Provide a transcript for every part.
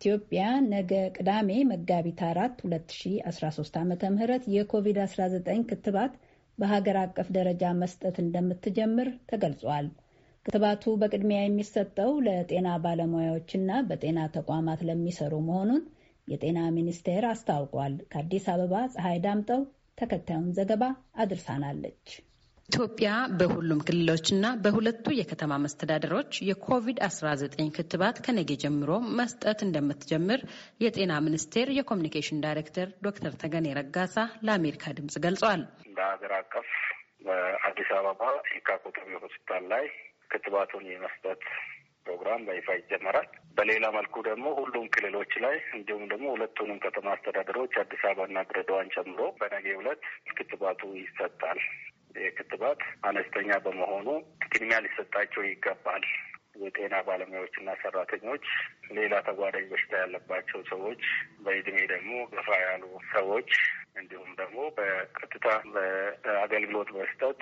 ኢትዮጵያ ነገ ቅዳሜ መጋቢት 4 2013 ዓ ም የኮቪድ-19 ክትባት በሀገር አቀፍ ደረጃ መስጠት እንደምትጀምር ተገልጿል። ክትባቱ በቅድሚያ የሚሰጠው ለጤና ባለሙያዎችና በጤና ተቋማት ለሚሰሩ መሆኑን የጤና ሚኒስቴር አስታውቋል። ከአዲስ አበባ ፀሐይ ዳምጠው ተከታዩን ዘገባ አድርሳናለች። ኢትዮጵያ በሁሉም ክልሎችና በሁለቱ የከተማ መስተዳደሮች የኮቪድ-19 ክትባት ከነገ ጀምሮ መስጠት እንደምትጀምር የጤና ሚኒስቴር የኮሚኒኬሽን ዳይሬክተር ዶክተር ተገኔ ረጋሳ ለአሜሪካ ድምጽ ገልጸዋል። በሀገር አቀፍ በአዲስ አበባ የካ ኮተቤ ሆስፒታል ላይ ክትባቱን የመስጠት ፕሮግራም በይፋ ይጀመራል። በሌላ መልኩ ደግሞ ሁሉም ክልሎች ላይ እንዲሁም ደግሞ ሁለቱንም ከተማ አስተዳደሮች አዲስ አበባና ድሬዳዋን ጨምሮ በነገ ዕለት ክትባቱ ይሰጣል። የክትባት አነስተኛ በመሆኑ ቅድሚያ ሊሰጣቸው ይገባል። የጤና ባለሙያዎችና ሰራተኞች፣ ሌላ ተጓዳኝ በሽታ ያለባቸው ሰዎች፣ በእድሜ ደግሞ ገፋ ያሉ ሰዎች እንዲሁም ደግሞ በቀጥታ አገልግሎት መስጠት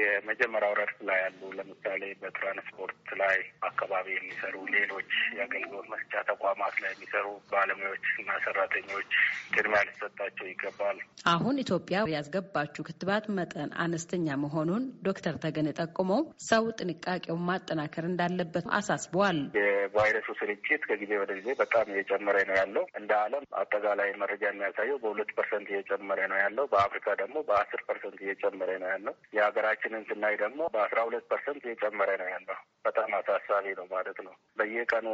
የመጀመሪያው ረድፍ ላይ ያሉ ለምሳሌ በትራንስፖርት ላይ አካባቢ የሚሰሩ ሌሎች የአገልግሎት መስጫ ተቋማት ላይ የሚሰሩ ባለሙያዎች እና ሰራተኞች ቅድሚያ ሊሰጣቸው ይገባል። አሁን ኢትዮጵያ ያስገባችው ክትባት መጠን አነስተኛ መሆኑን ዶክተር ተገን ጠቁመው ሰው ጥንቃቄውን ማጠናከር እንዳለበት አሳስበዋል። የቫይረሱ ስርጭት ከጊዜ ወደ ጊዜ በጣም እየጨመረ ነው ያለው። እንደ ዓለም አጠቃላይ መረጃ የሚያሳየው በሁለት ፐርሰንት እየጨመረ ነው ያለው። በአፍሪካ ደግሞ በአስር ፐርሰንት እየጨመረ እየጨመረ ነው ያለው። የሀገራችንን ስናይ ደግሞ በአስራ ሁለት ፐርሰንት እየጨመረ ነው ያለው። በጣም አሳሳቢ ነው ማለት ነው። በየቀኑ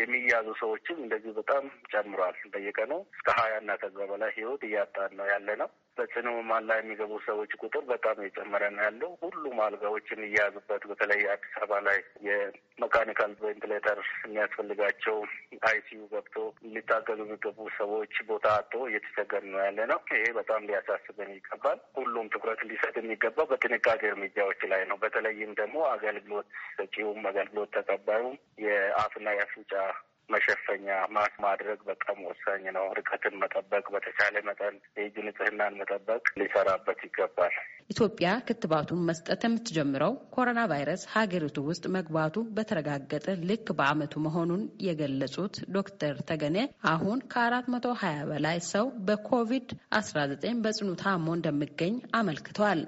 የሚያዙ ሰዎችም እንደዚህ በጣም ጨምሯል። በየቀኑ እስከ ሀያና ከዛ በላይ ህይወት እያጣን ነው ያለ ነው። በጽኑ ሕሙማን ላይ የሚገቡ ሰዎች ቁጥር በጣም የጨመረ ነው ያለው። ሁሉም አልጋዎችን እያያዙበት በተለይ አዲስ አበባ ላይ የመካኒካል ቬንትሌተር የሚያስፈልጋቸው አይሲዩ ገብቶ ሊታገዙ የሚገቡ ሰዎች ቦታ አቶ እየተቸገር ነው ያለ ነው። ይሄ በጣም ሊያሳስበን ይገባል። ሁሉም ትኩረት ሊሰጥ የሚገባው በጥንቃቄ እርምጃዎች ላይ ነው። በተለይም ደግሞ አገልግሎት ሰጪውም አገልግሎት ተቀባዩም የአፍና የአፍንጫ መሸፈኛ ማስክ ማድረግ በጣም ወሳኝ ነው። ርቀትን መጠበቅ፣ በተቻለ መጠን የእጅ ንጽህናን መጠበቅ ሊሰራበት ይገባል። ኢትዮጵያ ክትባቱን መስጠት የምትጀምረው ኮሮና ቫይረስ ሀገሪቱ ውስጥ መግባቱ በተረጋገጠ ልክ በአመቱ መሆኑን የገለጹት ዶክተር ተገኔ አሁን ከአራት መቶ ሀያ በላይ ሰው በኮቪድ አስራ ዘጠኝ በጽኑ ታሞ እንደሚገኝ አመልክተዋል።